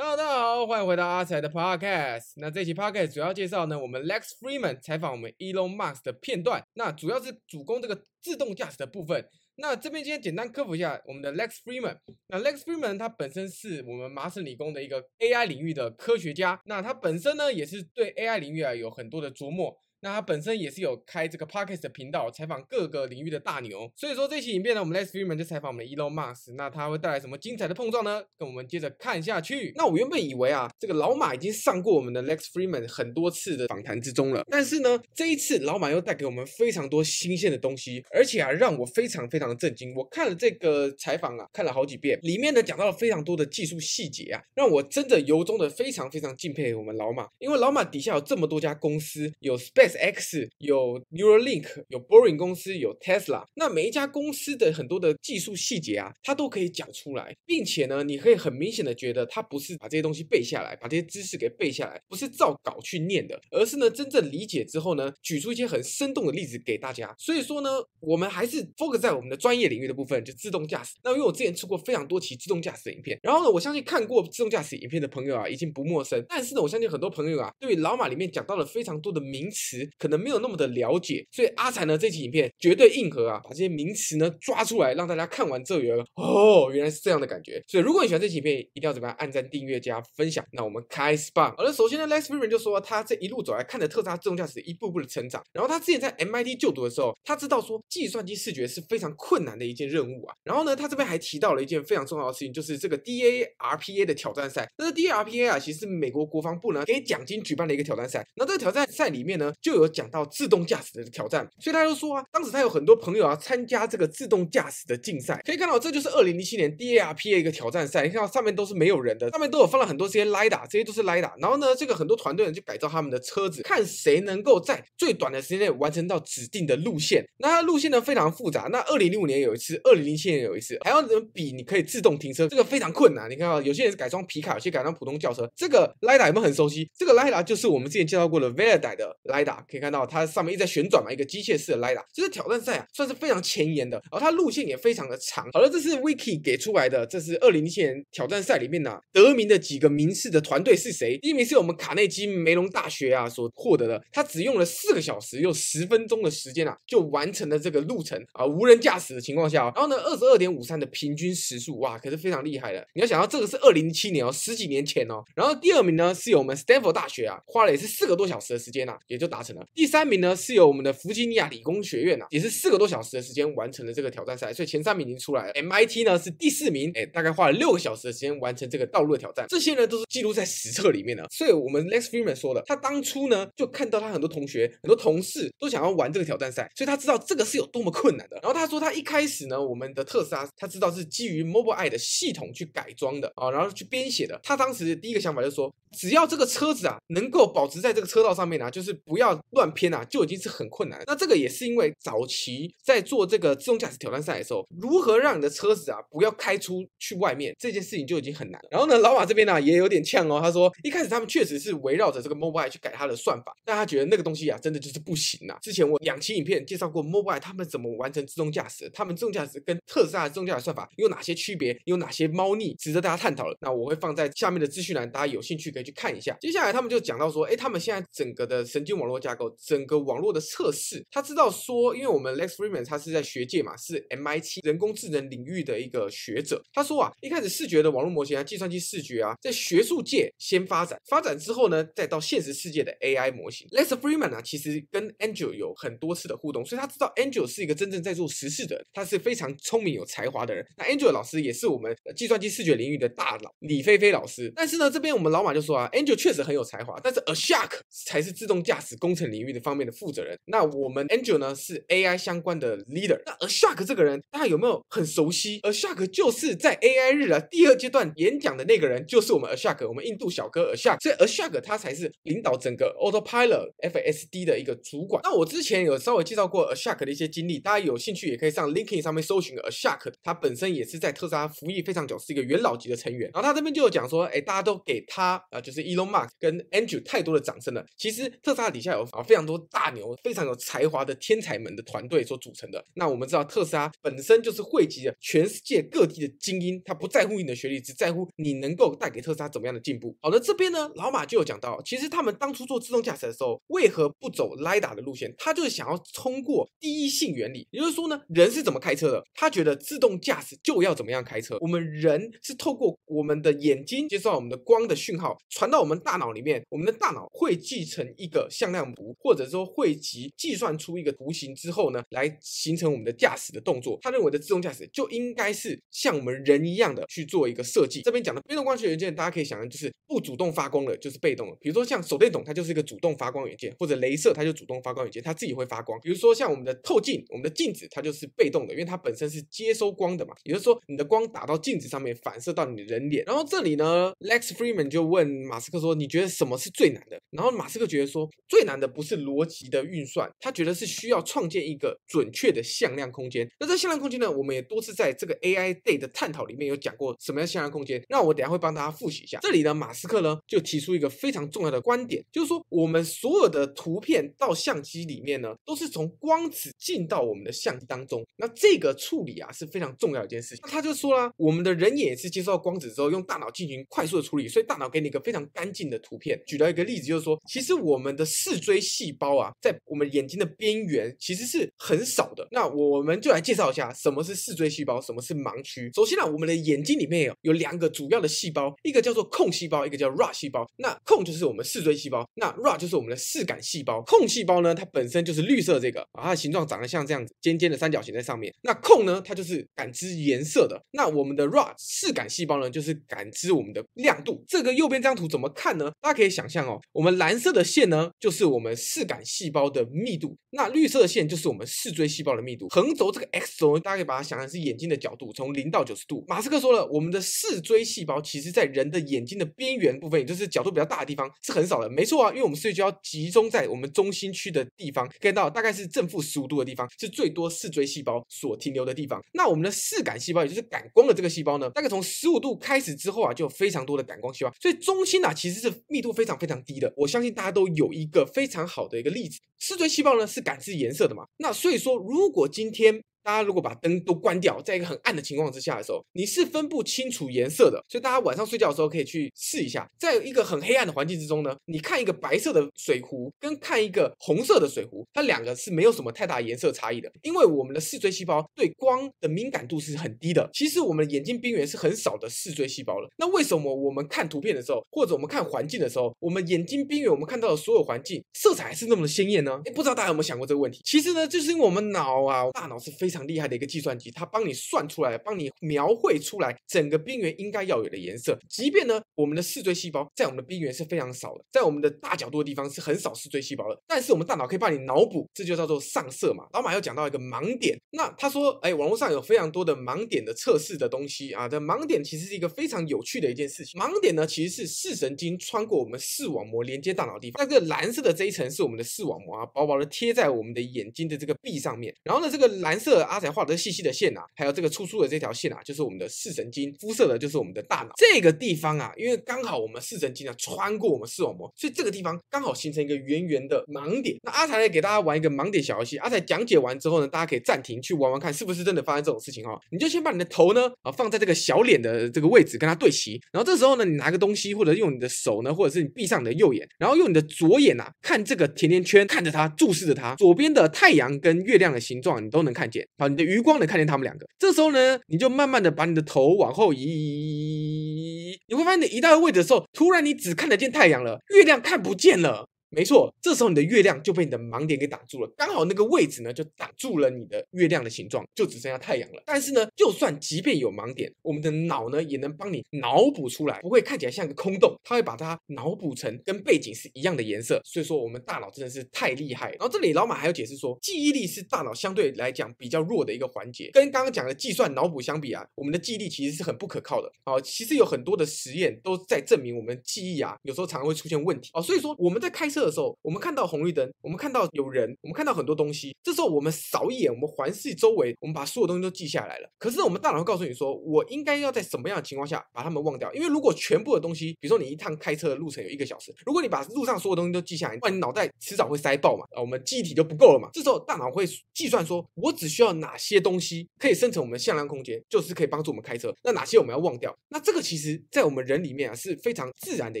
Hello，大家好，歡迎回到阿財的 Podcast。那這期 Podcast 主要介紹呢，我們 Lex Fridman 採訪我們 Elon Musk 的片段。那主要是主攻這個自動駕駛的部分。那這邊今天簡單科普一下我們的 Lex Fridman。那 Lex Fridman 他本身是我們麻省理工的一個 AI 領域的科學家。那他本身呢，也是對 AI 領域啊有很多的琢磨。那他本身也是有開這個 Podcast 的頻道，採訪各個領域的大牛。所以說，這期影片呢，我們 Lex Fridman 就採訪我們 Elon Musk。那他會帶來什麼精彩的碰撞呢？跟我們接着看下去。那我原本以為啊，這個老馬已經上過我們的 Lex Fridman 很多次的訪談之中了。但是呢，這一次老馬又帶給我們非常多新鮮的東西，而且啊，讓我非常非常的震驚。我看了這個採訪啊，看了好幾遍，裡面呢講到了非常多的技術細節啊，讓我真的由衷的非常非常敬佩我們老馬。因為老馬底下有這麼多家公司，有 SpaceX x 有 Neuralink 有 Boring 公司，有 Tesla，那每一家公司的很多的技術細節啊，他都可以講出來，並且呢，你可以很明顯的覺得他不是把這些東西背下來，把這些知識給背下來，不是照稿去念的，而是呢真正理解之後呢，舉出一些很生動的例子給大家。所以說呢，我們還是 focus 在我們的專業領域的部分，就自動駕駛。那因為我之前出過非常多期自動駕駛影片，然後呢，我相信看過自動駕駛影片的朋友啊，已經不陌生。但是呢，我相信很多朋友啊，對於老馬裡面講到了非常多的名詞。可能沒有那麼的了解，所以阿財呢，這期影片絕對硬核啊！把這些名詞呢抓出來，讓大家看完之後，哦，原來是這樣的感覺。所以如果你喜歡這期影片，一定要怎麼樣按？按讚、訂閱、加分享。那我們開始吧。好了，首先呢，Lex Fridman 就說他這一路走來，看着特斯拉自動駕駛一步步的成長。然後他之前在 MIT 就讀的時候，他知道說計算機視覺是非常困難的一件任務啊。然後呢，他這邊還提到了一件非常重要的事情，就是這個 DARPA 的挑戰賽。那這 DARPA 啊，其實是美國國防部呢給獎金舉辦的一個挑戰賽。那這個挑戰賽裡面呢，就就有講到自動駕駛的挑戰，所以他就說啊，當時他有很多朋友啊參加這個自動駕駛的競賽，可以看到這就是二零零七年 DARPA 一個挑戰賽，你看到上面都是沒有人的，上面都有放了很多這些 LIDAR 這些都是 LIDAR 然後呢，這個很多團隊就改造他們的車子，看誰能夠在最短的時間內完成到指定的路線。那它路線呢非常複雜。那二零零五年有一次，二零零七年有一次，還要怎麼比？你可以自動停車，這個非常困難。你看到有些人是改裝皮卡，有些改裝普通轎車。這個 LIDAR 有沒有很熟悉？這個 LIDAR 就是我們之前介紹過的 Velodyne 的 LIDAR 可以看到它上面一直在旋轉嘛，一個機械式的雷達。這個挑戰賽啊算是非常前沿的，然後它路線也非常的長。好了，這是 Wiki 給出來的，這是二零一七年挑戰賽裡面呢、啊、得名的幾個名次的團隊是誰？第一名是我們卡內基梅隆大學啊所獲得的，它只用了四個小時又十分鐘的時間啊就完成了這個路程啊無人駕駛的情況下、喔、然後呢二十二點五三的平均時速哇可是非常厲害的。你要想到這個是二零一七年哦、喔、十幾年前哦、喔，然後第二名呢是由我們 Stanford 大學啊花了也是四個多小時的時間吶、啊、也就達。第三名呢，是由我們的弗吉尼亞理工學院啊，也是四個多小時的時間完成了這個挑戰賽，所以前三名已經出來了。MIT 呢是第四名、欸，大概花了六個小時的時間完成這個道路的挑戰，這些呢都是記錄在史冊裡面的。所以我們 Lex Fridman 說的，他當初呢就看到他很多同學、很多同事都想要玩這個挑戰賽，所以他知道這個是有多麼困難的。然後他說，他一開始呢，我們的特斯拉他知道是基於 Mobileye 的系統去改裝的啊，然後去編寫的。他當時第一個想法就是說，只要這個車子啊能夠保持在這個車道上面呢、啊，就是不要。亂偏吶、啊，就已經是很困難。那這個也是因為早期在做這個自動駕駛挑戰賽的時候，如何讓你的車子啊不要開出去外面，這件事情就已經很難了。然後呢，老馬這邊呢、啊、也有點嗆哦。他說一開始他們確實是圍繞着這個 Mobile 去改它的算法，但他覺得那個東西啊真的就是不行啊。之前我兩期影片介紹過 Mobile 他們怎麼完成自動駕駛，他們自動駕駛跟特斯拉的自動駕駛算法有哪些區別，有哪些貓膩，值得大家探討的。那我會放在下面的資訊欄，大家有興趣可以去看一下。接下來他們就講到說，哎，他們現在整個的神經網絡整個網絡的測試，他知道說，因為我們 Lex Fridman 他是在學界嘛，是 MIT 人工智能領域的一個學者。他說啊，一開始視覺的網絡模型啊，計算機視覺啊，在學術界先發展，發展之後呢，再到現實世界的 AI 模型。Lex Fridman 呢、啊，其實跟 Andrej 有很多次的互動，所以他知道 Andrej 是一個真正在做實事的人，他是非常聰明有才華的人。那 Andrej 老師也是我們計算機視覺領域的大佬，李飛飛老師。但是呢，這邊我們老馬就說啊，Andrej 確實很有才華，但是 Ashok 才是自動駕駛工。工程領域的方面的負責人，那我們 Angel 呢是 AI 相關的 leader，那 Ashok 這個人大家有沒有很熟悉？Ashok 就是在 AI 日的第二階段演講的那個人，就是我們 Ashok，我們印度小哥 Ashok，所以 Ashok 他才是領導整個 autopilot FSD 的一個主管。那我之前有稍微介紹過 Ashok 的一些經歷，大家有興趣也可以上 LinkedIn 上面搜尋 Ashok，他本身也是在特斯拉服役非常久，是一個元老級的成員。然後他這邊就有講說，哎、欸，大家都給他啊，就是 Elon Musk 跟 Angel 太多的掌聲了，其實特斯拉底下有。啊，非常多大牛、非常有才華的天才們的團隊所組成的。那我們知道，特斯拉本身就是匯集了全世界各地的精英，他不在乎你的學歷，只在乎你能夠帶給特斯拉怎麼樣的進步。好的，這邊呢，老馬就有講到，其實他們當初做自動駕駛的時候，為何不走 Lidar 的路線？他就是想要通過第一性原理，也就是說呢，人是怎麼開車的？他覺得自動駕駛就要怎麼樣開車？我們人是透過我們的眼睛接受我們的光的訊號，傳到我們大腦裡面，我們的大腦會繼承一個向量。或者說匯集計算出一個圖形之後呢，來形成我們的駕駛的動作。他認為的自動駕駛就應該是像我們人一樣的去做一個設計。這邊講的被動光學元件，大家可以想，就是不主動發光了，就是被動了。比如說像手電筒，它就是一個主動發光元件，或者鐳射，它就主動發光元件，它自己會發光。比如說像我們的透鏡、我們的鏡子，它就是被動的，因為它本身是接收光的嘛。也就是說，你的光打到鏡子上面，反射到你的人臉。然後這裡呢，Lex Fridman 就問馬斯克說：“你覺得什麼是最難的？”然後馬斯克覺得說：“最難。”的不是邏輯的運算，他覺得是需要創建一個準確的向量空間。那在向量空間呢，我們也多次在這個 AI Day 的探討裡面有講過什麼樣向量空間。那我等一下會幫大家複習一下。這裡呢，馬斯克呢，就提出一個非常重要的觀點，就是說我們所有的圖片到相機裡面呢，都是從光子進到我們的相機當中。那這個處理啊是非常重要一件事情。那他就說啦、啊，我們的人眼是接收到光子之後，用大腦進行快速的處理，所以大腦給你一個非常乾淨的圖片。舉了一個例子，就是說其實我們的視覺。錐細胞啊，在我們眼睛的邊緣其實是很少的。那我們就來介紹一下什麼是視錐細胞，什麼是盲區。首先呢、啊，我們的眼睛裡面有，有兩個主要的細胞，一個叫做 cone 細胞，一個叫 rod 細胞。那 cone 就是我們視錐細胞，那 rod 就是我們的視感細胞。cone 細胞呢，它本身就是綠色這個啊，它的形狀長得像這樣子尖尖的三角形在上面。那 cone 呢，它就是感知顏色的。那我們的 rod 視感細胞呢，就是感知我們的亮度。這個右邊這張圖怎麼看呢？大家可以想象哦，我們藍色的線呢，就是我。我們視感細胞的密度，那綠色線就是我們視錐細胞的密度。橫軸這個 X 軸，大家可以把它想象是眼睛的角度，從零到九十度。馬斯克說了，我們的視錐細胞其實，在人的眼睛的邊緣部分，也就是角度比較大的地方，是很少的。沒錯啊，因為我們視野就要集中在我們中心區的地方，可以看到大概是正負十五度的地方是最多視錐細胞所停留的地方。那我們的視感細胞，也就是感光的這個細胞呢，大概從十五度開始之後啊，就有非常多的感光細胞。所以中心啊，其實是密度非常非常低的。我相信大家都有一個非。非常好的一個例子，視錐細胞呢是感知顏色的嘛？那所以說，如果今天，大家如果把燈都關掉，在一個很暗的情況之下的時候，你是分不清楚顏色的。所以大家晚上睡覺的時候可以去試一下，在一個很黑暗的環境之中呢，你看一個白色的水壺跟看一個紅色的水壺，它兩個是沒有什麼太大顏色差異的。因為我們的視錐細胞對光的敏感度是很低的。其實我們眼睛邊緣是很少的視錐細胞了。那為什麼我們看圖片的時候，或者我們看環境的時候，我們眼睛邊緣我們看到的所有環境色彩還是那麼的鮮豔呢？不知道大家有沒有想過這個問題？其實呢，就是因為我們腦啊，大腦是非常很厲害的一個計算機，它幫你算出來，幫你描繪出來整個邊緣應該要有的顏色。即便呢，我們的視錐細胞在我們的邊緣是非常少的，在我們的大角度的地方是很少視錐細胞的。但是我們大腦可以幫你腦補，這就叫做上色嘛。老馬又講到一個盲點，那他說，哎，網絡上有非常多的盲點的測試的東西啊。這盲點其實是一個非常有趣的一件事情。盲點呢，其實是視神經穿過我們視網膜連接大腦的地方。那個藍色的這一層是我們的視網膜啊，薄薄的貼在我們的眼睛的這個壁上面。然後呢，這個藍色。阿財畫的細細的線啊，還有這個粗粗的這條線啊，就是我們的視神經，膚色的就是我們的大腦。這個地方啊，因為剛好我們視神經啊穿過我們視網膜，所以這個地方剛好形成一個圓圓的盲點。那阿財來給大家玩一個盲點小遊戲。阿財講解完之後呢，大家可以暫停去玩玩看，是不是真的發生這種事情哦？你就先把你的頭呢啊放在這個小臉的這個位置，跟它對齊。然後這時候呢，你拿個東西，或者用你的手呢，或者是你閉上你的右眼，然後用你的左眼啊看這個甜甜圈，看着它，注視着它，左邊的太陽跟月亮的形狀你都能看見。好，你的餘光能看見他們兩個。這時候呢，你就慢慢的把你的頭往後移，你會發現你移到位的時候，突然你只看得見太陽了，月亮看不見了。沒錯，這時候你的月亮就被你的盲點給擋住了，剛好那個位置呢就擋住了你的月亮的形狀，就只剩下太陽了。但是呢，就算即便有盲點，我們的腦呢也能幫你腦補出來，不會看起來像一個空洞，它會把它腦補成跟背景是一樣的顏色。所以說我們大腦真的是太厲害。然後這裡老馬還要解釋說，記憶力是大腦相對來講比較弱的一個環節，跟剛剛講的計算腦補相比啊，我們的記憶力其實是很不可靠的。好、哦，其實有很多的實驗都在證明我們記憶啊，有時候常常會出現問題啊、哦。所以說我們在開車的時候，我們看到紅綠燈，我們看到有人，我們看到很多東西。這時候，我們掃一眼，我們環視周圍，我們把所有東西都記下來了。可是，我們大腦會告訴你說，我應該要在什麼樣的情況下把它們忘掉？因為如果全部的東西，比如說你一趟開車的路程有一個小時，如果你把路上所有東西都記下來，那你腦袋遲早會塞爆嘛啊，我們記憶體就不夠了嘛。這時候，大腦會計算說，我只需要哪些東西可以生成我們向量空間，就是可以幫助我們開車。那哪些我們要忘掉？那這個其實在我們人裡面啊是非常自然的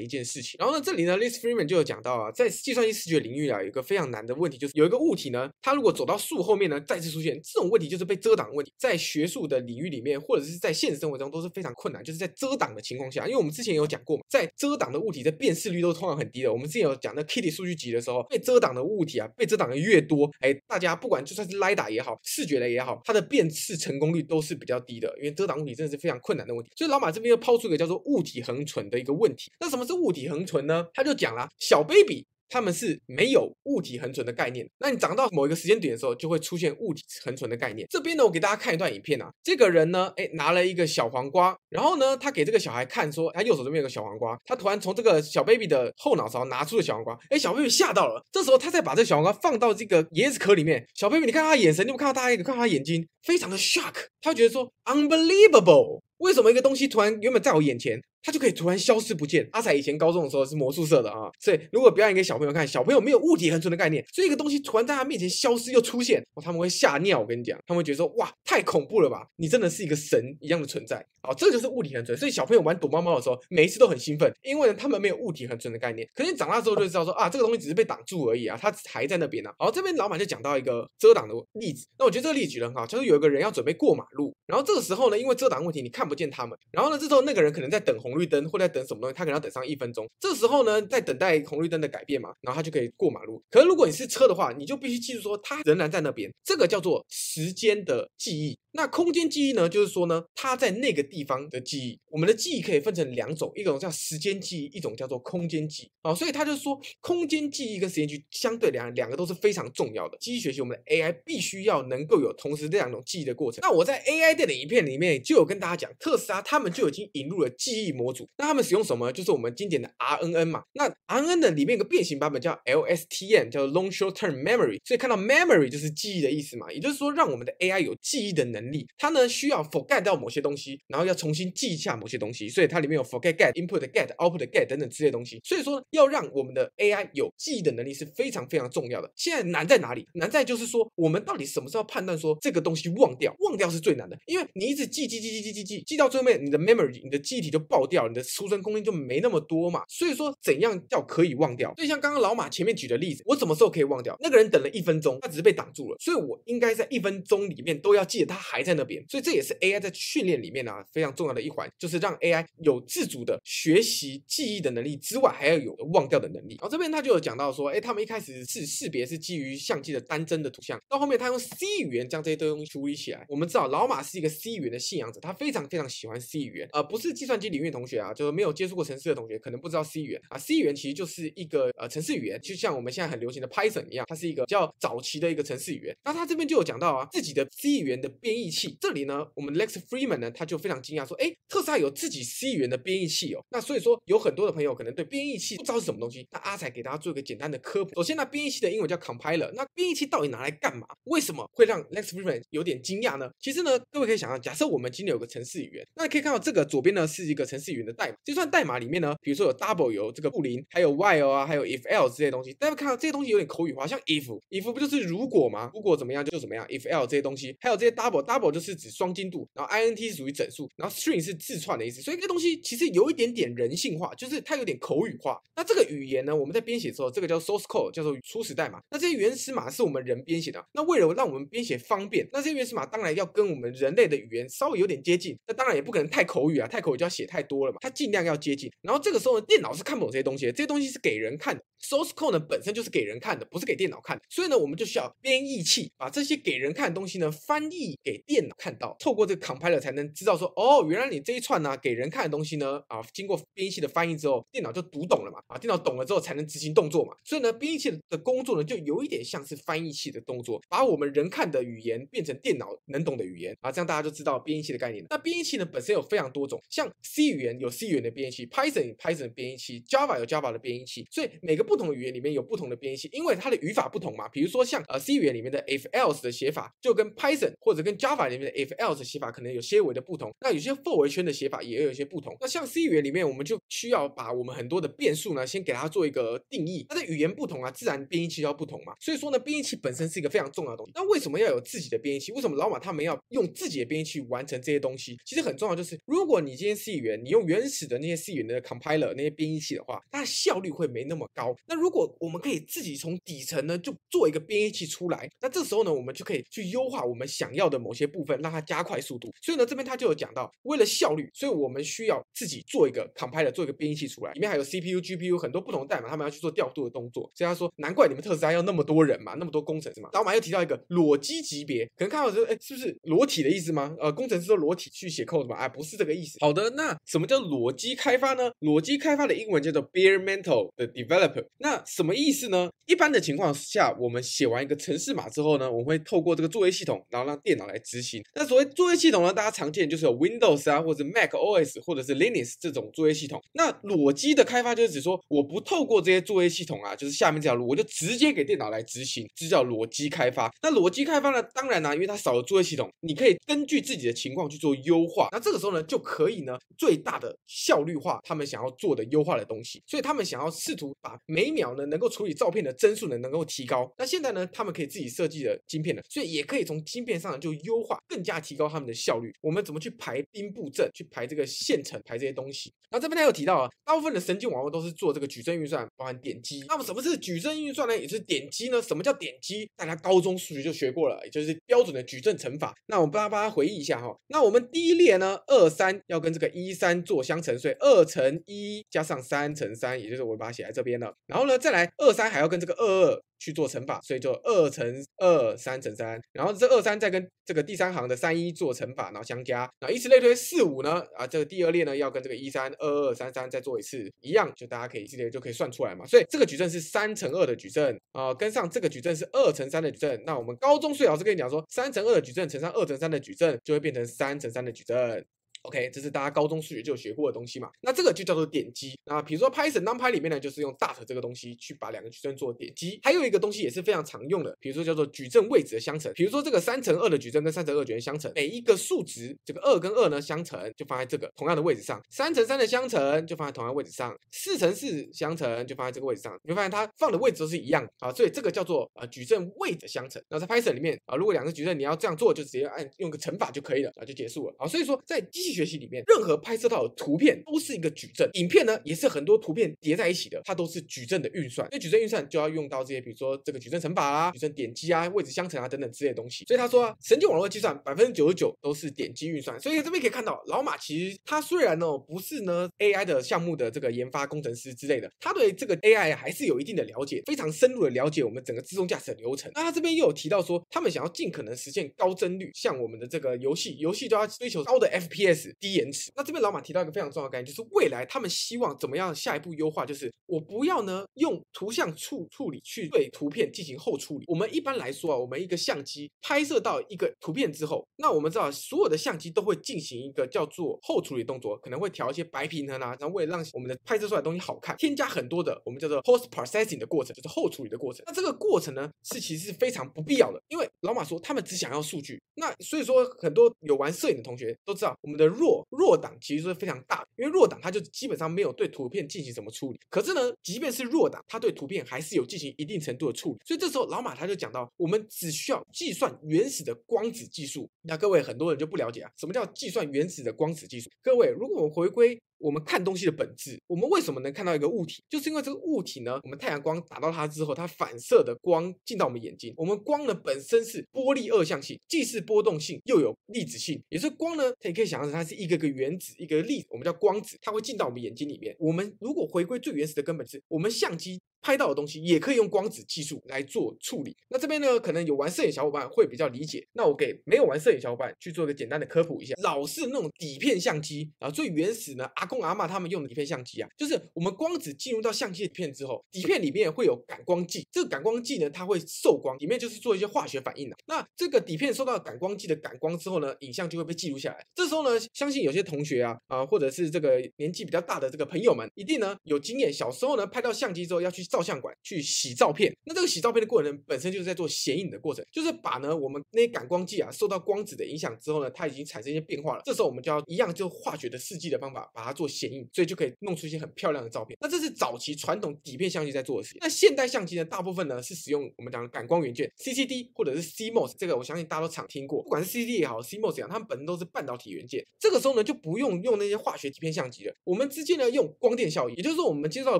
一件事情。然後呢，這裡呢，Lex Fridman 就有講到啊，在在計算機視覺領域啊，有一個非常難的問題，就是有一個物體呢，它如果走到樹後面呢，再次出現這種問題就是被遮擋問題，在學術的領域裡面，或者是在現實生活中都是非常困難，就是在遮擋的情況下，因為我們之前有講過嘛，在遮擋的物體在辨識率都通常很低的。我們之前有講那 KITTI 數據集的時候，被遮擋的物體啊，被遮擋的越多，哎、欸，大家不管就算是 LiDAR 也好，視覺的也好，它的辨識成功率都是比較低的，因為遮擋物體真的是非常困難的問題。所以老馬這邊又拋出一個叫做“物體恆存”的一個問題。那什麼是物體恆存呢？他就講了小 baby。他們是沒有物體恆存的概念，那你長到某一個時間點的時候，就會出現物體恆存的概念。這邊呢，我給大家看一段影片啊，這個人呢，誒拿了一個小黃瓜，然後呢，他給這個小孩看說，他右手這邊有個小黃瓜，他突然從這個小 baby 的後腦勺拿出了小黃瓜，誒小 baby 嚇到了，這時候他再把這個小黃瓜放到這個椰子殼裡面，小 baby 你看他眼神，你會看到他，你看到他眼睛非常的 shock，他會覺得說 unbelievable。為什麼一個東西突然原本在我眼前，它就可以突然消失不見？阿財以前高中的時候是魔術社的啊，所以如果表演給小朋友看，小朋友沒有物體恆存的概念，所以一個東西突然在他面前消失又出現，哦，他們會嚇尿！我跟你講，他們會覺得說哇，太恐怖了吧？你真的是一個神一樣的存在！好，哦，這就是物體恆存。所以小朋友玩躲貓貓的時候，每一次都很興奮，因為呢他們沒有物體恆存的概念。可是你長大之後就知道說啊，這個東西只是被擋住而已啊，它還在那邊呢，啊。然後這邊老板就講到一個遮擋的例子，那我覺得這個例舉很好，就是有一個人要準備過馬路，然後這個時候呢，因為遮擋問題，你看。看不見他們，然後呢？這時候那個人可能在等紅綠燈，或者在等什麼東西，他可能要等上一分鐘。這時候呢，在等待紅綠燈的改變嘛，然後他就可以過馬路。可是如果你是車的話，你就必須記住說，他仍然在那邊。這個叫做時間的記憶。那空間記憶呢？就是說呢，他在那個地方的記憶。我們的記憶可以分成兩種，一種叫時間記憶，一種叫做空間記憶。哦，所以他就是說，空間記憶跟時間記憶相對兩兩個都是非常重要的。機器學習，我們的 AI 必須要能夠有同時這兩種記憶的過程。那我在 AI 電影影片裡面就有跟大家講。特斯拉他們就已經引入了記憶模組，那他們使用什麼？就是我們經典的 RNN 嘛。那 RNN 的裡面有個變形版本叫 LSTM，叫 Long Short Term Memory。所以看到 Memory 就是記憶的意思嘛，也就是說讓我們的 AI 有記憶的能力。它呢需要 forget 掉某些東西，然後要重新記一下某些東西，所以它裡面有 forget、get、input、get、output、get 等等之類東西。所以說要讓我們的 AI 有記憶的能力是非常非常重要的。現在難在哪裡？難在就是說我們到底什麼時候判斷說這個東西忘掉？忘掉是最難的，因為你一直記記記記記記記。記記記記到最後面，你的 memory，你的記憶體就爆掉，你的儲存空間就沒那麼多嘛。所以說，怎樣叫可以忘掉？就像剛剛老馬前面舉的例子，我什麼時候可以忘掉那個人？等了一分鐘，他只是被擋住了，所以我應該在一分鐘裡面都要記得他還在那邊。所以這也是 AI 在訓練裡面啊非常重要的一環，就是讓 AI 有自主的學習記憶的能力之外，還要有忘掉的能力。然後這邊他就有講到說，哎，他們一開始是識別是基於相機的單幀的圖像，到後面他用 C 語言將這些東西處理起來。我們知道老馬是一個 C 語言的信仰者，他非常，像喜歡 C 語言，呃，不是計算機領域的同學啊，就是沒有接觸過程式的同學，可能不知道 C 語言啊。C 語言其實就是一個呃程式語言，就像我們現在很流行的 Python 一樣，它是一個比較早期的一個程式語言。那他這邊就有講到啊，自己的 C 語言的編譯器。這裡呢，我們 Lex Fridman 呢，他就非常驚訝說，哎，特斯拉有自己 C 語言的編譯器哦。那所以說，有很多的朋友可能對編譯器不知道是什麼東西。那阿財給大家做一個簡單的科普。首先呢，編譯器的英文叫 compiler。那編譯器到底拿來幹嘛？為什麼會讓 Lex Fridman 有點驚訝呢？其實呢，各位可以想象，假設我們今天有個程式語言。那可以看到這個左邊呢，是一個程市語言的代碼，就算代碼裡面呢，比如說有 double 有這個布林，還有 while 啊，還有 if l 這些東西，大家看到這些東西有點口語化，像 if if 不就是如果嗎？如果怎麼樣就怎麼樣？if l 這些東西，還有這些 double double 就是指雙精度，然後 int 屬於整數，然後 string 是字串的意思，所以這東西其實有一點點人性化，就是它有點口語化。那這個語言呢，我們在編寫的時候，這個叫 source code，叫做初始代碼。那這些原始碼是我們人編寫的，那為了讓我們編寫方便，那這些原始碼當然要跟我們人類的語言稍微有點接近。當然也不可能太口語啊，太口語就要寫太多了嘛。它盡量要接近。然後這個時候呢，電腦是看不懂這些東西的，這些東西是給人看的。source code 呢本身就是給人看的，不是給電腦看的。所以呢，我們就需要編譯器把這些給人看的東西呢翻譯給電腦看到，透過這個 compiler 才能知道說，哦，原來你這一串呢啊，給人看的東西呢啊，經過編譯器的翻譯之後，電腦就讀懂了嘛。啊，電腦懂了之後才能執行動作嘛。所以呢，編譯器的工作呢就有一點像是翻譯器的動作，把我們人看的語言變成電腦能懂的語言啊，這樣大家就知道編譯器的概念。那編譯器器呢本身有非常多種，像 C 語言有 C 語言的編譯器，Python 有 Python 的編譯器，Java 有 Java 的編譯器，所以每個不同的語言裡面有不同的編譯器，因為它的語法不同嘛。比如說像呃 C 語言裡面的 if else 的寫法，就跟 Python 或者跟 Java 裡面的 if else 的寫法可能有些微的不同。那有些 for 迴圈的寫法也有一些不同。那像 C 語言裡面，我們就需要把我們很多的變數呢，先給它做一個定義。它的語言不同啊，自然編譯器要不同嘛。所以說呢，編譯器本身是一個非常重要的東西。那為什麼要有自己的編譯器？為什麼老馬他們要用自己的編譯器完成這些東西？其實很重要就是，如果你今天 C 語言，你用原始的那些 C 語言的 compiler 那些編譯器的話，它的效率會沒那麼高。那如果我們可以自己從底層呢，就做一個編譯器出來，那這時候呢，我們就可以去優化我們想要的某些部分，讓它加快速度。所以呢，這邊他就有講到，為了效率，所以我們需要自己做一個 compiler，做一個編譯器出來，裡面還有 CPU、GPU 很多不同代碼，他們要去做調度的動作。所以他說，難怪你們特斯拉要那麼多人嘛，那麼多工程師嘛。然後我們還又提到一個裸機級別，可能看到這，哎，是不是裸體的意思嗎？呃，工程師說裸體去。寫 code 嘛，啊不是這個意思。好的，那什麼叫裸機開發呢？裸機開發的英文叫做 bare metal 的 developer。那什麼意思呢？一般的情況下，我們寫完一個程式碼之後呢，我們會透過這個作業系統，然後讓電腦來執行。那所謂作業系統呢，大家常見就是有 Windows 啊，或者是 MacOS，或者是 Linux 這種作業系統。那裸機的開發就是指說，我不透過這些作業系統啊，就是下面這條路，我就直接給電腦來執行，這叫裸機開發。那裸機開發呢，當然呢、啊，因為它少了作業系統，你可以根據自己的情況去做優化。化，那這個時候呢，就可以呢最大的效率化他們想要做的優化的東西，所以他們想要試圖把每秒呢能夠處理照片的幀數呢能夠提高。那現在呢，他們可以自己設計的晶片了，所以也可以從晶片上就優化，更加提高他們的效率。我們怎麼去排兵布陣，去排這個線程，排這些東西？那這邊他有提到啊，大部分的神經網絡都是做這個矩陣運算，包含點積。那麼什麼是矩陣運算呢？也是點積呢？什麼叫點積？大家高中數學就學過了，也就是標準的矩陣乘法。那我們幫他幫他回憶一下哈。那我們第一。列呢，二三要跟這個一三做相乘，所以二乘一加上三乘三，也就是我把它寫在這邊了。然後呢，再來二三還要跟這個二二。去做乘法，所以就二乘二、三乘三，然後這二三再跟這個第三行的三一做乘法，然後相加，那以此類推，四五呢？啊，這個第二列呢，要跟這個一三二二三三再做一次，一樣，就大家可以這些就可以算出來嘛。所以這個矩陣是三乘二的矩陣啊，跟上這個矩陣是二乘三的矩陣。那我們高中數學老師跟你講說，三乘二的矩陣乘上二乘三的矩陣，就會變成三乘三的矩陣。OK，這是大家高中數學就有學過的東西嘛？那這個就叫做點擊。那比如說 Python NumPy 裡面呢，就是用 dot 這個東西去把兩個矩陣做點擊。還有一個東西也是非常常用的，比如說叫做矩陣位置的相乘。比如說這個三乘二的矩陣跟三乘二矩陣相乘，每一個數值這個二跟二呢相乘，就放在這個同樣的位置上。三乘三的相乘就放在同樣的位置上，四乘四相乘就放在這個位置上。你會發現它放的位置都是一樣的啊，所以這個叫做啊矩陣位置相乘。那在 Python 裡面啊，如果兩個矩陣你要這樣做，就直接按用個乘法就可以了啊，就結束了啊。所以說在學習裡面任何拍攝到的圖片都是一個矩陣，影片呢也是很多圖片疊在一起的，它都是矩陣的運算。那矩陣運算就要用到這些，比如說這個矩陣乘法啊，矩陣點積啊，位置相乘啊等等之類的東西。所以他說啊，神經網絡計算百分之九十九都是點積運算。所以在這邊可以看到，老馬其實他雖然哦不是呢 AI 的項目的這個研發工程師之類的，他對這個 AI 還是有一定的了解，非常深入的了解我們整個自動駕駛的流程。那他這邊又有提到說，他們想要盡可能實現高幀率，像我們的這個遊戲，遊戲都要追求高的 FPS。低延遲。那這邊老馬提到一個非常重要的概念，就是未來他們希望怎麼樣下一步優化，就是我不要呢用圖像處處理去對圖片進行後處理。我們一般來說啊，我們一個相機拍攝到一個圖片之後，那我們知道所有的相機都會進行一個叫做後處理動作，可能會調一些白平衡啊，然後為了讓我們的拍攝出來的東西好看，添加很多的我們叫做 post processing 的過程，就是後處理的過程。那這個過程呢，是其實是非常不必要的，因為老馬說他們只想要數據。那所以說，很多有玩攝影的同學都知道我們的。弱弱檔其實是非常大的，因為弱檔它就基本上沒有對圖片進行什麼處理。可是呢，即便是弱檔，它對圖片還是有進行一定程度的處理。所以這時候老馬他就講到，我們只需要計算原始的光子計數。那各位很多人就不了解啊，什麼叫計算原始的光子計數？各位，如果我們回歸。我們看東西的本質，我們為什麼能看到一個物體？就是因為這個物體呢，我們太陽光打到它之後，它反射的光進到我們眼睛。我們光呢本身是波粒二象性，既是波動性又有粒子性。也就是光呢，它也可以想象它是一個個原子，一個粒子，我們叫光子，它會進到我們眼睛裡面。我們如果回歸最原始的根本是，我們相機。拍到的東西也可以用光子技術來做處理。那這邊呢，可能有玩攝影小夥伴會比較理解。那我給沒有玩攝影小夥伴去做個簡單的科普一下。老式那種底片相機，啊，最原始呢，阿公阿嬤他們用的底片相機啊，就是我們光子進入到相機的底片之後，底片裡面會有感光劑，這個感光劑呢，它會受光，裡面就是做一些化學反應的，啊。那這個底片受到感光劑的感光之後呢，影像就會被記錄下來。這時候呢，相信有些同學啊，啊，或者是這個年紀比較大的這個朋友們，一定呢有經驗。小時候呢，拍到相機之後要去。照相館去洗照片，那這個洗照片的過程呢，本身就是在做顯影的過程，就是把呢我們那些感光劑啊受到光子的影響之後呢，它已經產生一些變化了。這時候我們就要一樣就化學的試劑的方法把它做顯影，所以就可以弄出一些很漂亮的照片。那這是早期傳統底片相機在做的事情。那現代相機呢，大部分呢是使用我們講的感光元件 C C D 或者是 C M O S，這個我相信大家都常聽過。不管是 C C D 也好 C M O S 也好，它們本身都是半導體元件。這個時候呢就不用用那些化學底片相機了，我們直接呢用光電效應，也就是說我們接觸到的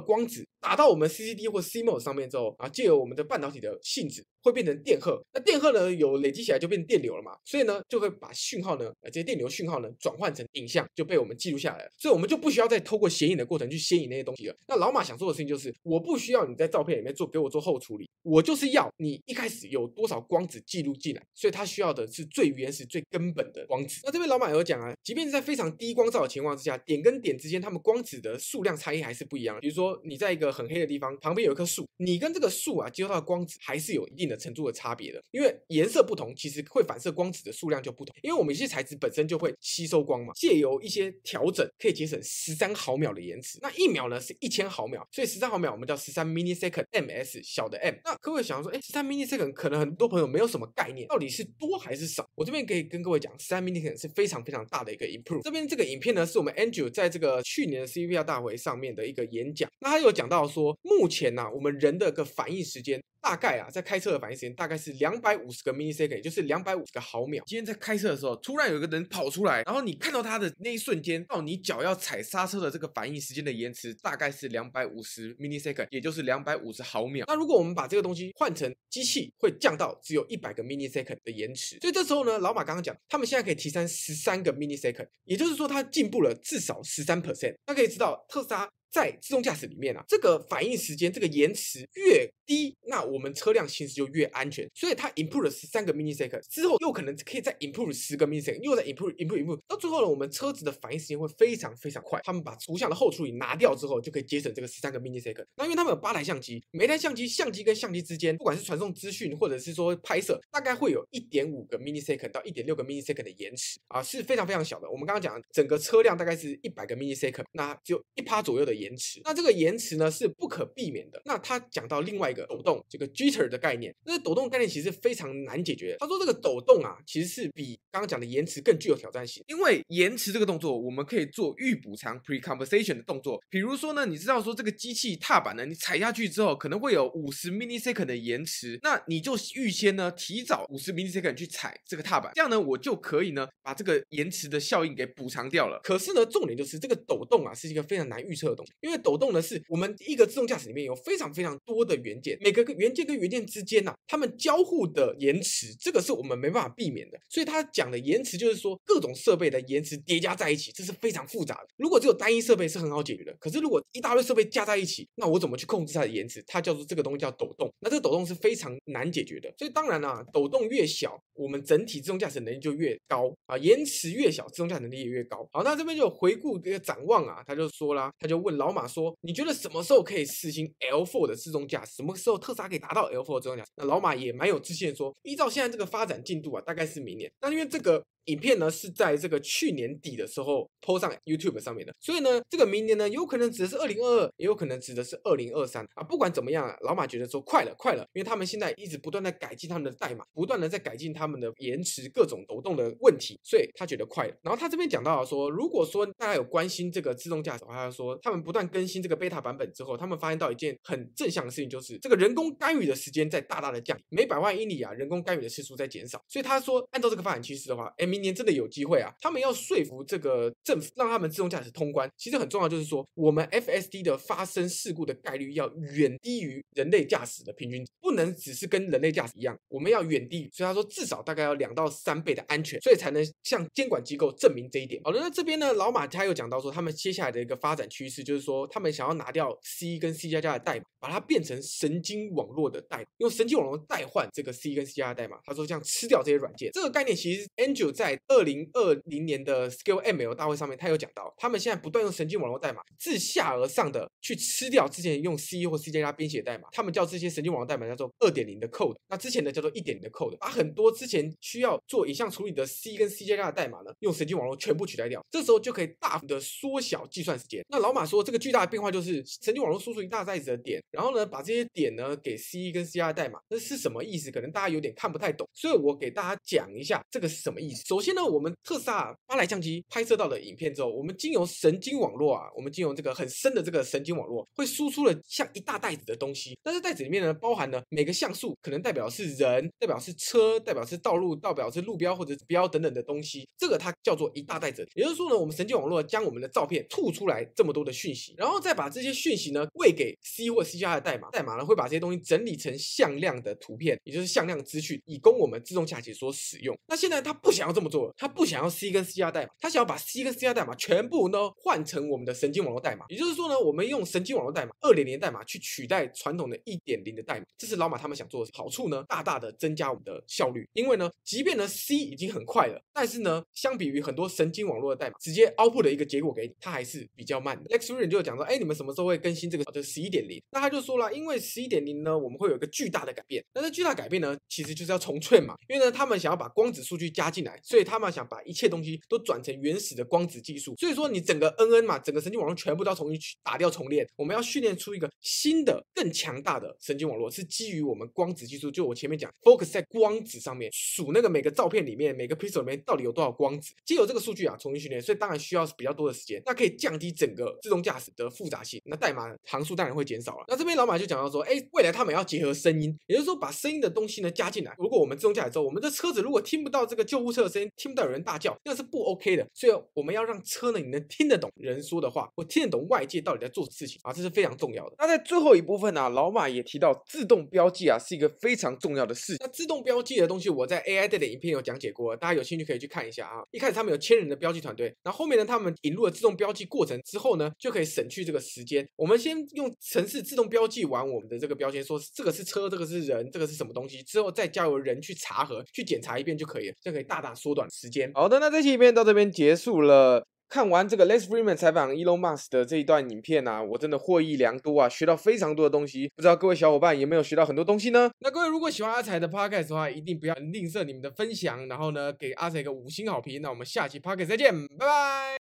光子打到我們 C C D 或 CMOS 上面之後啊，借由我們的半導體的性質，會變成電荷，那電荷呢有累積起來就變成電流了嘛，所以呢就會把訊號呢，呃這些電流訊號呢轉換成影像，就被我們記錄下來了，所以我們就不需要再透過顯影的過程去顯影那些東西了。那老馬想做的事情就是，我不需要你在照片裡面做給我做後處理，我就是要你一開始有多少光子記錄進來，所以他需要的是最原始、最根本的光子。那這位老馬有講啊，即便是在非常低光照的情況之下，點跟點之間它們光子的數量差異還是不一樣。比如說你在一個很黑的地方，旁邊有一棵樹，你跟這個樹啊接收到的光子還是有一定的程度的差別的，因為顏色不同，其實會反射光子的數量就不同。因為我們一些材質本身就會吸收光嘛，借由一些調整，可以節省十三毫秒的延遲。那一秒呢是一千毫秒，所以十三毫秒我們叫十三 millisecond ms 小的 m。那各位想說，哎、欸，十三 millisecond 可能很多朋友沒有什麼概念，到底是多還是少？我這邊可以跟各位講，十三 millisecond 是非常非常大的一個 improve。這邊這個影片呢，是我們 Andrew 在這個去年的 C V P R 大會上面的一個演講。那他有講到說，目前啊，我們人的個反應時間。大概啊，在開車的反應時間大概是兩百五十個 mini second，也就是兩百五十個毫秒。今天在開車的時候，突然有一個人跑出來，然後你看到他的那一瞬間，到你腳要踩剎車的這個反應時間的延遲，大概是兩百五十 mini second，也就是兩百五十毫秒。那如果我們把這個東西換成機器，會降到只有一百個 mini second 的延遲。所以這時候呢，老馬剛剛講，他們現在可以提升十三個 mini second，也就是說，他進步了至少十三 percent。那可以知道，特斯拉。在自動駕駛裡面啊，這個反應時間、這個延遲越低，那我們車輛行駛就越安全。所以它 improve 了十三個 mini second 之後，又可能可以再 improve 十個 mini second，又再 improve improve improve，到最後呢，我們車子的反應時間會非常非常快。他們把圖像的後處理拿掉之後，就可以節省這個十三個 mini second。那因為他們有八台相機，每台相機相機跟相機之間，不管是傳送資訊或者是說拍攝，大概會有一點五個 mini second 到一點六個 mini second 的延遲啊，是非常非常小的。我們剛剛講整個車輛大概是一百個 mini second，那只有一趴左右的。延遲，那這個延遲呢是不可避免的。那他講到另外一個抖動這個 jitter 的概念，那個抖動概念其實是非常難解決。他說這個抖動啊，其實是比剛剛講的延遲更具有挑戰性，因為延遲這個動作我們可以做預補償 precompensation 的動作，比如說呢，你知道說這個機器踏板呢，你踩下去之後可能會有五十 milliseconds 的延遲，那你就預先呢提早五十 milliseconds 去踩這個踏板，這樣呢我就可以呢把這個延遲的效應給補償掉了。可是呢重點就是這個抖動啊是一個非常難預測的東西因為抖動呢，是我們一個自動駕駛裡面有非常非常多的元件，每個元件跟元件之間吶、啊，它們交互的延遲，這個是我們沒辦法避免的。所以他講的延遲就是說各種設備的延遲疊加在一起，這是非常複雜的。如果只有單一設備是很好解決的，可是如果一大堆設備加在一起，那我怎麼去控制它的延遲？它叫做這個東西叫抖動，那這個抖動是非常難解決的。所以當然啦、啊，抖動越小，我們整體自動駕駛能力就越高啊，延遲越小，自動駕駛能力也越高。好，那這邊就回顧這個展望啊，他就說啦，他就問。老馬說：“你覺得什麼時候可以實行 L four 的自動駕駛？什麼時候特斯拉可以達到 L four 的自動駕駛？”那老馬也蠻有自信，說：“依照現在這個發展進度啊，大概是明年。”那因為這個。影片呢是在這個去年底的時候 PO 上 YouTube 上面的，所以呢，這個明年呢有可能指的是二零二二，也有可能指的是二零二三啊。不管怎麼樣，老馬覺得說快了，快了，因為他們現在一直不斷的改進他們的代碼，不斷的在改進他們的延遲、各種抖動的問題，所以他覺得快了。然後他這邊講到、啊、說，如果說大家有關心這個自動駕駛的話，他說他們不斷更新這個 beta 版本之後，他們發現到一件很正向的事情，就是這個人工干預的時間在大大的降低，每百萬英里啊，人工干預的次數在減少。所以他說，按照這個發展趨勢的話，M。今年真的有機會啊！他們要說服這個政府讓他們自動駕駛通關，其實很重要，就是說我們 FSD 的發生事故的概率要遠低於人類駕駛的平均值，不能只是跟人類駕駛一樣，我們要遠低於。所以他說至少大概要兩到三倍的安全，所以才能向監管機構證明這一點。好的，那這邊呢，老馬他又講到說，他們接下來的一個發展趨勢就是說，他們想要拿掉 C 跟 C 加加的代碼，把它變成神經網絡的代碼，用神經網絡代換這個 C 跟 C 加加的代碼。他說這樣吃掉這些軟件，這個概念其實 Angel 在。在二零二零年的 Scale ML 大會上面，他有講到，他們現在不斷用神經網絡代碼自下而上的去吃掉之前用 C 或 C 加加的編寫代碼。他們叫這些神經網絡代碼叫做二點零的 code，那之前呢，叫做一點零的 code。把很多之前需要做影像處理的 C 跟 C 加加的代碼呢，用神經網絡全部取代掉。這時候就可以大幅的縮小計算時間。那老馬說，這個巨大的變化就是神經網絡輸出一大袋子的點，然後呢，把這些點呢給 C 跟 C 加加的代碼，那是什麼意思？可能大家有點看不太懂，所以我給大家講一下這個是什麼意思。首先呢，我們特斯拉啊，八來相機拍攝到的影片之後，我們經由神經網絡啊，我們經由這個很深的這個神經網絡，會輸出了像一大袋子的東西。但是袋子裡面呢，包含了每個像素可能代表是人，代表是車，代表是道路，代表是路標或者標等等的東西。這個它叫做一大袋子。也就是說呢，我們神經網絡將我們的照片吐出來這麼多的訊息，然後再把這些訊息呢餵給 C 或 C 加的代碼，代碼呢會把這些東西整理成向量的圖片，也就是向量資訊，以供我們自動駕駛所使用。那現在它不想要，這麼做了，他不想要 C 跟 C 加代碼，他想要把 C 跟 C 加代碼全部呢換成我們的神經網絡代碼。也就是說呢，我們用神經網絡代碼二點零代碼去取代傳統的一點零的代碼。這是老馬他們想做的好處呢，大大的增加我們的效率。因為呢，即便呢 C 已經很快了，但是呢，相比於很多神經網絡的代碼直接 output 的一個結果給你，它還是比較慢的。Lex 就講說，哎，你們什麼時候會更新這個？就是十一點零？那他就說了，因為十一點零呢，我們會有一個巨大的改變。那這巨大改變呢，其實就是要重 train 嘛，因為呢，他們想要把光子數據加進來。所以他們想把一切東西都轉成原始的光子技術。所以說你整個 NN 嘛，整個神經網絡全部都要重新打掉重練。我們要訓練出一個新的、更強大的神經網絡，是基於我們光子技術。就我前面講，focus 在光子上面，數那個每個照片裡面每個 pixel 裡面到底有多少光子。藉由這個數據啊，重新訓練，所以當然需要比較多的時間。那可以降低整個自動駕駛的複雜性，那代碼行數當然會減少了。那這邊老馬就講到說，哎，未來他們要結合聲音，也就是說把聲音的東西呢加進來。如果我們自動駕駛之後，我們的車子如果聽不到這個救護車的聲，聽不到有人大叫，那是不 OK 的。所以我們要讓車呢，你能聽得懂人說的話，或聽得懂外界到底在做什麼事情啊，這是非常重要的。那在最後一部分呢、啊，老馬也提到自動標記啊，是一個非常重要的事。那自動標記的東西，我在 AI Day 的影片有講解過，大家有興趣可以去看一下啊。一開始他們有千人的標記團隊，那後,後面呢，他們引入了自動標記過程之後呢，就可以省去這個時間。我們先用程式自動標記完我們的這個標籤，說這個是車，這個是人，這個是什麼東西，之後再交由人去查核、去檢查一遍就可以了，就可以大大說縮短時間。好的，那這期影片到這邊結束了。看完這個 Lex Fridman 訪談 Elon Musk 的這一段影片呢，啊，我真的獲益良多啊，學到非常多的東西。不知道各位小伙伴有沒有學到很多東西呢？那各位如果喜歡阿財的 Podcast 的話，一定不要吝嗇你們的分享，然後呢，給阿財一個五星好評。那我們下期 Podcast 再見，拜拜。